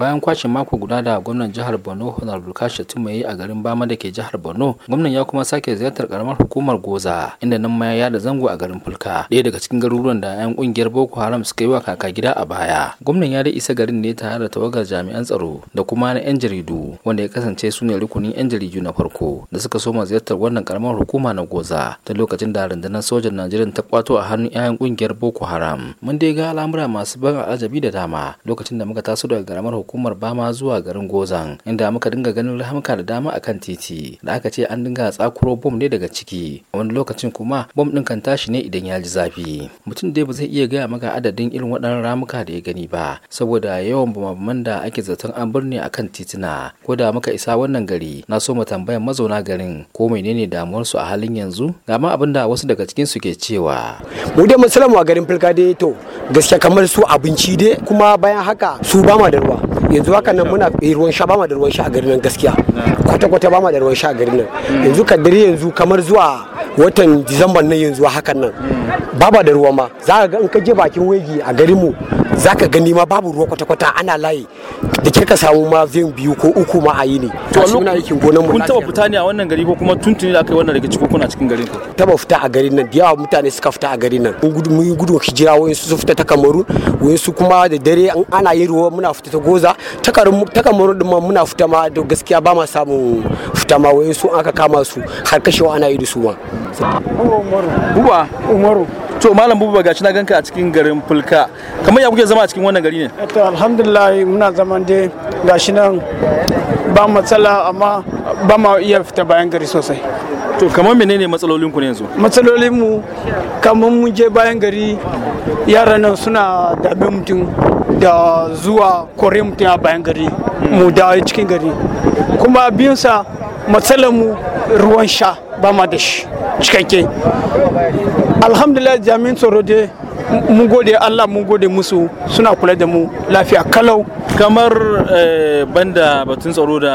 bayan kwashe mako guda da gwamnan jihar borno honorable kashi tuma yi a garin bama da ke jihar borno gwamnan ya kuma sake ziyartar karamar hukumar goza inda nan ma ya da zango a garin fulka ɗaya daga cikin garuruwan da 'yan kungiyar boko haram suka yi wa kaka gida a baya gwamnan ya da isa garin ne tare da tawagar jami'an tsaro da kuma na 'yan jaridu wanda ya kasance su ne rukunin 'yan jaridu na farko da suka soma ziyartar wannan karamar hukuma na goza ta lokacin da rundunar sojan najeriya ta kwato a hannun 'ya'yan kungiyar boko haram mun dai ga al'amura masu ban ajabi da dama lokacin da muka taso daga karamar hukumar bama zuwa garin gozan inda muka dinga ganin ramuka da dama akan titi da aka ce an dinga tsakuro bom ne daga ciki wani lokacin kuma bom din kan tashi ne idan ya ji zafi mutum dai ba zai iya gaya maka adadin irin waɗannan ramuka da ya gani ba saboda yawan bumabuman da ake zaton an birne akan titina ko da muka isa wannan gari na so mu tambayar mazauna garin ko menene su a halin yanzu ga ma abin da wasu daga cikin su ke cewa mu dai musalamu a garin filka dai to gaskiya kamar su abinci dai kuma bayan haka su ba ma da ruwa yanzu haka nan muna ruwan sha bama da ruwan sha a garin nan gaskiya kwata-kwata bama da ruwan sha a garin nan hmm. yanzu ka dare yanzu kamar zuwa watan disamban nan yanzu hakan nan baba hmm. da ruwa ma za ka ga in ka je bakin wegi a garin mu. za ka gani ma babu ruwa kwata-kwata ana layi da kirka samu ma zai biyu ko uku ma a yi ne to muna aikin gonan mu kun taba fita ne a wannan gari ko kuma tuntuni da aka yi wannan rigici ko kuna cikin garin taba fita a garin nan yawa mutane suka fita a garin nan mun gudu mun gudu hijira wayin su fita ta Kamaru wayin su kuma da dare an ana yin ruwa muna fita ta Goza ta Kamaru din ma muna fita ma da gaskiya ba ma samu fita ma wayin su aka kama su har kashewa ana yi da su ma Umaru Umaru to malam ba gashi na ganka a cikin garin fulka kamar ya kuke zama a cikin wannan gari ne eh, to alhamdulillah muna zaman dai gashi nan ba matsala amma ba ma iya fita bayan gari sosai to kamar menene matsalolin ku ne yanzu matsalolin mu kamar mun je bayan gari yaran nan suna dabe mutum da zuwa kore mutum a bayan gari mu da cikin gari kuma biyunsa matsalar mu ruwan sha ba da shi cikakke alhamdulillah jami'in tsoro dai mun gode allah mun gode musu suna kula da mu lafiya kalau kamar eh, banda batun tsaro da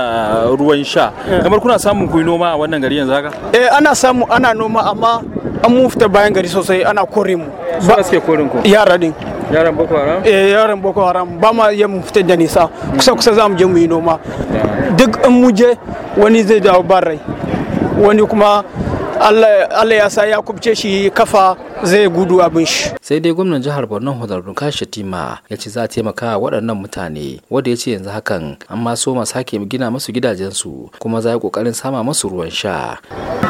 ruwan sha eh. kamar kuna samun kuyi noma a wannan gari yanzu haka eh ana samu ana noma amma an mu fita bayan gari sosai ana kore mu ba suke korin ku yara din yaran boko haram eh yaran boko haram ba ma ya mu fita da nisa hmm. kusa kusa za mu je mu yi noma duk in mu je wani zai dawo barai rai wani kuma allah ya sa ya kubce shi kafa zai gudu abin shi. Sai dai gwamnan jihar Borno Honorable Kashi Tima ya ce za a taimaka waɗannan mutane wanda ya ce yanzu hakan an ma so masu hake gina masu gidajensu kuma za a yi ƙoƙarin sama masu ruwan sha.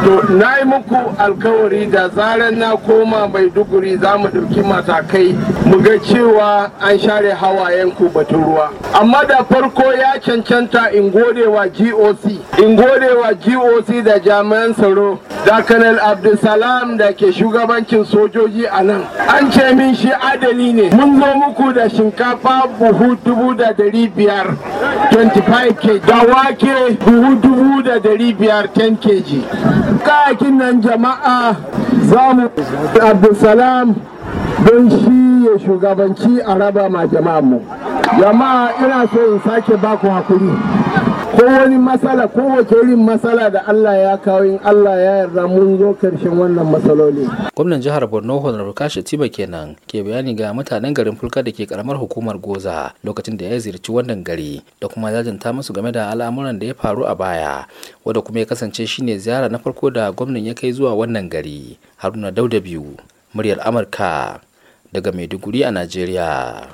To na yi muku alkawari da zaran na koma Maiduguri za mu ɗauki matakai mu ga cewa an share hawayen ku batun ruwa. Amma da farko ya cancanta in gode wa GOC, in gode wa GOC da jami'an tsaro, da Kanal Abdulsalam da ke shugabancin su sojoji a nan an ce min shi adali ne mun zo muku da shinkafa buhu dubu da dari biyar 25 kg da wake buhu dubu da dari biyar 10 kg kayakin nan jama'a za mu abdulsalam don shi ya shugabanci a raba ma jama'a mu jama'a ina so in sake baku hakuri kowani matsala kowace wace matsala da Allah ya kawo in Allah ya yarda mun zo karshen wannan matsaloli. Gwamnan jihar Borno Honorable Rukashi Tiba kenan ke bayani ga mutanen garin Fulka da ke karamar hukumar Goza lokacin da ya ziyarci wannan gari da kuma jajanta musu game da al'amuran da ya faru a baya wanda kuma ya kasance shine ziyara na farko da gwamnan ya kai zuwa wannan gari. Haruna Dauda biyu muryar Amurka daga Maiduguri a Najeriya.